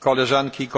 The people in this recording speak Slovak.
koleżanki i koledzy